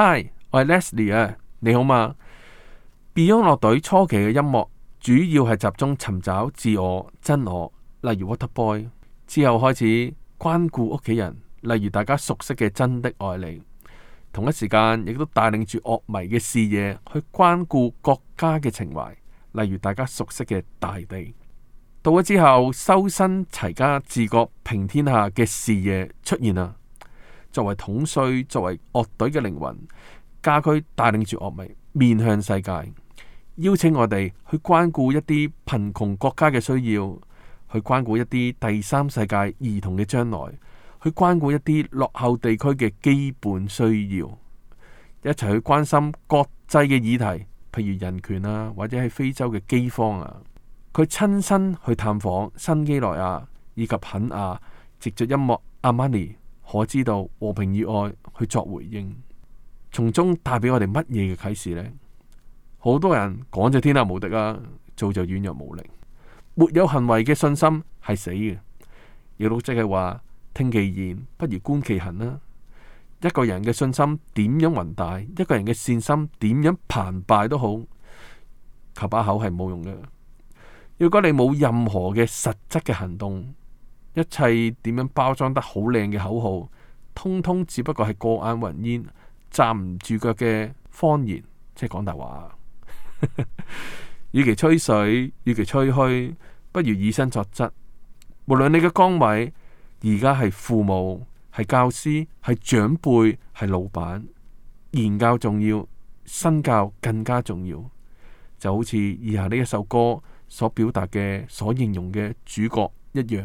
Hi，我係 Leslie 啊，你好嘛？Beyond 樂隊初期嘅音樂主要係集中尋找自我、真我，例如《Water Boy》，之後開始關顧屋企人，例如大家熟悉嘅《真的愛你》。同一時間亦都帶領住樂迷嘅視野去關顧國家嘅情懷，例如大家熟悉嘅《大地》。到咗之後，修身齊家治國平天下嘅視野出現啦。作為統帥，作為樂隊嘅靈魂，家駒帶領住樂迷面向世界，邀請我哋去關顧一啲貧窮國家嘅需要，去關顧一啲第三世界兒童嘅將來，去關顧一啲落後地區嘅基本需要，一齊去關心國際嘅議題，譬如人權啊，或者喺非洲嘅饑荒啊，佢親身去探訪新幾內亞以及肯亞，藉著音樂阿曼尼，可知道和平與愛去作回應，從中帶俾我哋乜嘢嘅啟示呢？好多人講就天下無敵啊，做就軟弱無力，沒有行為嘅信心係死嘅。亦都即係話：聽其言，不如觀其行啦。一個人嘅信心點樣宏大，一個人嘅善心點樣澎湃都好，求把口係冇用嘅。如果你冇任何嘅實質嘅行動，一切點樣包裝得好靚嘅口號，通通只不過係過眼雲煙，站唔住腳嘅方言，即係講大話。與 其吹水，與其吹噓，不如以身作則。無論你嘅崗位而家係父母、係教師、係長輩、係老闆，言教重要，身教更加重要。就好似以下呢一首歌所表達嘅、所形容嘅主角一樣。